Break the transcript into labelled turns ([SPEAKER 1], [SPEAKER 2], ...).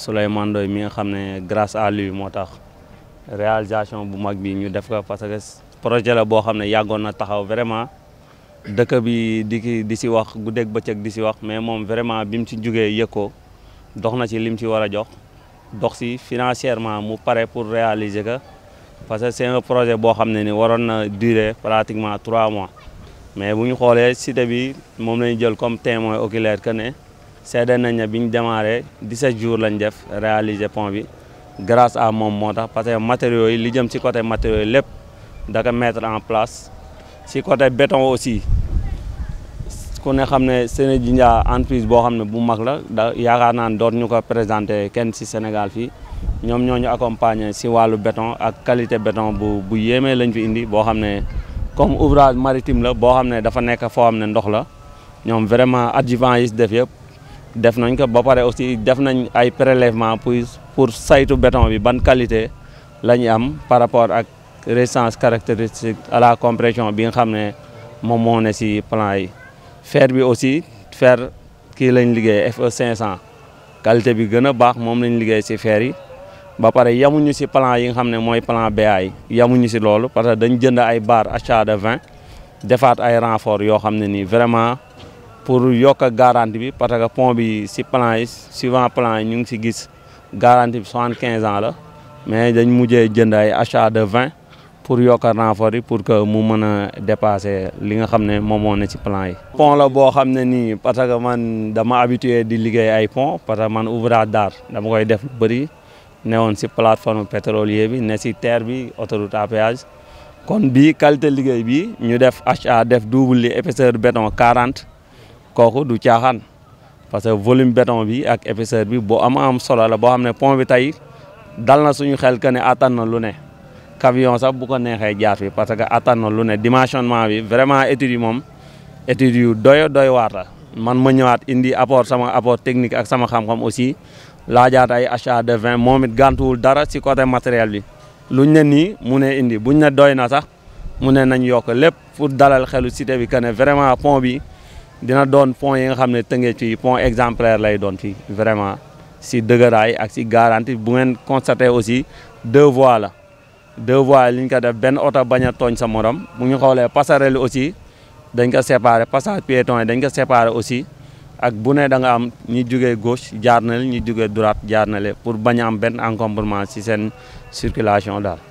[SPEAKER 1] Souleymane Ndoye mi nga xam ne grâce à lui moo tax réalisation bu mag bi ñu def ko parce que projet la boo xam ne yàggoon na taxaw vraiment dëkk bi di di si wax gu guddeeg bëccëg di si wax mais moom vraiment bi mu si jugee yëkkoo dox na ci lim ci war a jox dox si financièrement mu pare pour réaliser ka parce que c'est projet boo xam ne ni waroon na durer pratiquement trois mois mais bu ñu xoolee cité bi moom lañu jël comme témoin oculaire que ne seede nañ ne bi ñu démarré 17 jours lañ def réaliser pont bi grâce à moom moo tax parce que matériaux yi li jëm ci côté matériaux yi lépp da ko en place si côté beton aussi ku ne xam ne Sénégindia entreprise boo xam ne bu mag la da yaakaar naa ne doot ñu ko présenté kenn si Sénégal fii ñoom ñoo ñu accompagner ci wàllu béton ak qualité beton bu bu yéemee lañ fi indi boo xam ne comme ouvrage maritime la boo xam ne dafa nekk foo xam ne ndox la ñoom vraiment adjuvant yi def nañ ko ba pare aussi def nañ ay prélèvement pour pour saytu beton bi ban qualité la ñu am par rapport ak résistance caractéristique à la compression bi nga xam ne moom moo ne si plan yi fer bi aussi fer kii lañ liggéey FE 500 qualité bi gën a baax moom lañ liggéey si fer yi ba pare yamuñu si plan yi nga xam ne mooy plan BA yi ñu si loolu parce que dañ jënd ay barre achat de 20 defaat ay renfort yoo xam ne nii vraiment pour yokk a garantie bi parce que pont bi si plan yi suivant plan yi ñu ngi si gis garantie bi soixante quinze ans la mais dañ mujjee jënd ay achat de vingt pour yokka a renfort yi pour que mu mën a li nga xam ne moom moo ne si plan yi. pon la boo xam ne nii parce que man dama habitué di liggéey ay pon parce que man ouvrage d'art dama koy def lu ne woon si plateforme pétrolier bi ne si terre bi autoroute à péage kon bii qualité liggéey bi ñu def achat def double li épaisseur béton 40. kooku du caaxaan parce que volume béton bi ak épaisseur bi boo am am solo la boo xam ne pont bi tey dal na suñu xel que ne attan na lu ne camion sax bu ko neexee jaar fi parce que attan na lu ne dimensionnement bi vraiment études yi moom études yu doyo doy waata man ma ñëwaat indi apport sama apport technique ak sama xam-xam aussi laajaat ay achat de vin moom it gàntuwul dara si côté matériel bi luñ ne nii mu ne indi buñ ne doy na sax mu ne nañ yokk lépp pour dalal dina doon pont yi nga xam ne tëngee ci pont exemplaire lay doon fii vraiment si dëgëraay ak si garantie bu ngeen constaté aussi deux voies la deux voies li ñu ko def benn oto bañ a tooñ sa morom bu ñu xoolee passerelle aussi dañ ko séparé passage piéton yi dañ ko séparé aussi ak bu ne da nga am ñi jugee gauche jaar na li ñi jugee droite jaar na le pour bañ am benn encombrement si seen circulation daal